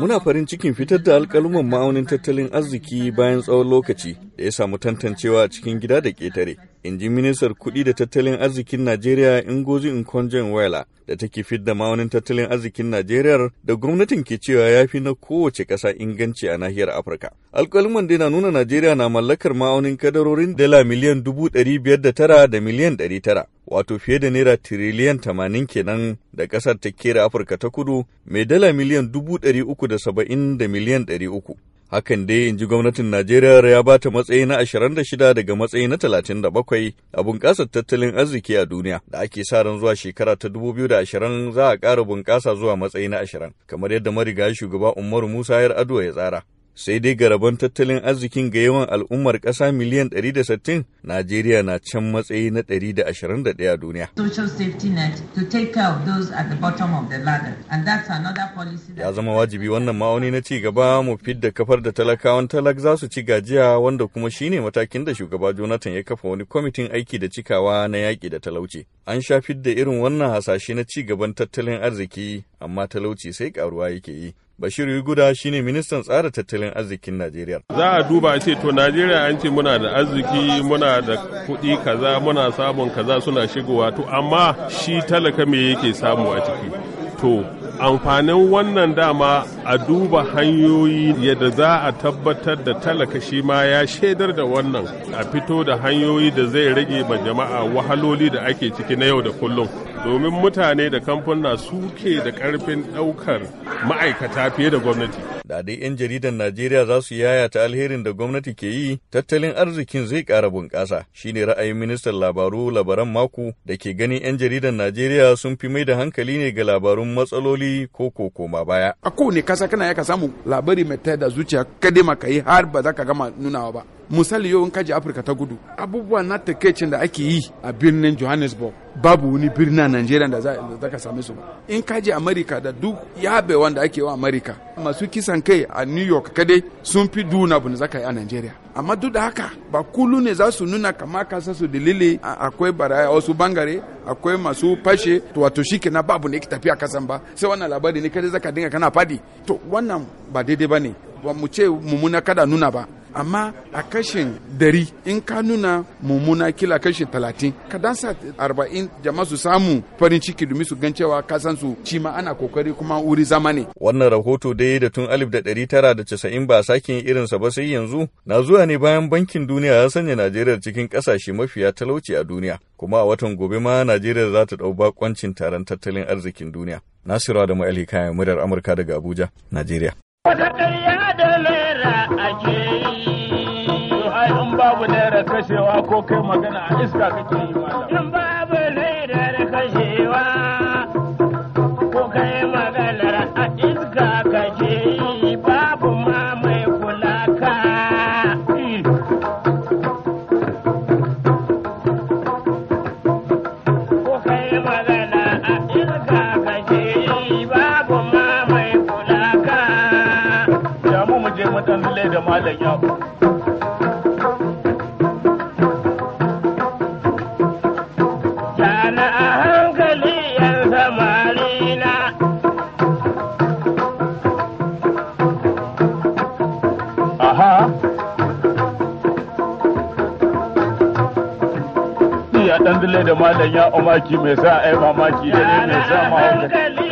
Muna farin cikin fitar da alkalumin ma'aunin tattalin arziki bayan tsawon lokaci da ya samu tantancewa a cikin gida da ƙetare. In ji ministar kuɗi da tattalin arzikin Najeriya Ingozi Nkonjen Wela da take fit da ma'aunin tattalin arzikin Najeriya da gwamnatin ke cewa ya fi na kowace ƙasa inganci a nahiyar Afirka. alkalumin dai na nuna Najeriya na mallakar ma'aunin kadarorin dala miliyan dubu ɗari biyar da tara da miliyan ɗari tara. wato fiye da naira tiriliyan tamanin kenan da ƙasar ta kera Afirka ta kudu mai dala miliyan dubu dari uku da saba'in da miliyan dari uku. Hakan dai in ji gwamnatin Najeriya ya ba ta matsayi na ashirin da shida daga matsayi na talatin da bakwai a bunƙasar tattalin arziki a duniya da ake sa ran zuwa shekara ta dubu biyu da ashirin za a ƙara bunƙasa zuwa matsayi na ashirin, kamar yadda marigayi shugaba Umaru Musa Yar Ado, ya tsara. sai dai garaban tattalin arzikin ga yawan al'ummar ƙasa miliyan 160 Najeriya na can matsayi na 121 a duniya. Ya zama wajibi wannan ma'auni na cigaba mu fidda kafar da talakawan talak za su ci gajiya wanda kuma shine matakin da shugaba Jonathan ya kafa wani kwamitin aiki da cikawa na yaƙi da talauci. An sha fidda irin wannan hasashe na ci gaban tattalin arziki amma talauci sai ƙaruwa yake yi. Bashir Guda shine ministan tsara tattalin arzikin Najeriya. Za a duba a ce to Najeriya an ce muna da arziki muna da kuɗi kaza muna samun kaza suna shigowa to amma shi talaka me yake samu a ciki. To amfanin wannan dama a duba hanyoyi yadda za a tabbatar da talaka shi ma ya shaidar da wannan a fito da hanyoyi da zai rage ma jama'a wahaloli da ake ciki na yau da kullum. domin mutane da kamfuna suke da karfin daukar ma'aikata fiye da gwamnati. Da dai 'yan jaridan Najeriya za su ta alherin da gwamnati ke yi, tattalin arzikin zai ƙara bunƙasa. Shi ne ra'ayin ministan labaru labaran mako da ke ganin 'yan jaridan Najeriya sun fi mai da hankali ne ga labarun matsaloli ko ko koma baya. A kowane kasa kana ya ka samu labari mai tayar da zuciya kadima ka yi har ba za ka gama nunawa ba. misali yau in kaji afirka ta gudu abubuwa na takaicin da ake yi a birnin johannesburg babu wani birni a nigeria da za ka same su ba in kaji america da duk yabe wanda ake wa america masu kisan kai a new york kadai sun fi duna abu da yi a nigeria amma duk da haka ba kulu ne za su nuna kama kasa su dalili akwai baraya wasu bangare akwai masu fashe to wato shi kenan babu ne ki tafiya kasan ba sai wannan labari ne kadai za ka dinga kana fadi to wannan ba daidai ba ne ba mu ce mummuna kada nuna ba amma a kashin dari in ka nuna mummuna kila kashin talatin ka dansa arba'in jama su samu farin ciki domin su gan cewa ka san su ci ma ana kokari kuma wuri zama ne. wannan rahoto dai da tun alif da ɗari tara da casa'in ba sake yin irinsa ba sai yanzu na zuwa ne bayan bankin duniya ya sanya najeriya cikin ƙasashe mafiya talauci a duniya kuma a watan gobe ma najeriya za ta ɗau bakoncin taron tattalin arzikin duniya nasiru da ma'ali kayan murar amurka daga abuja najeriya. Wata kashewa ko kai magana a iska kake yi malam babu laidar kashewa ko kai maganar a iska yi babu ko kai magana a iska kake yi babu ma mai kula ka ya mu da malam yau dan da malam ya umaki mai sa yi mamaki da ne mai sa mahaukaci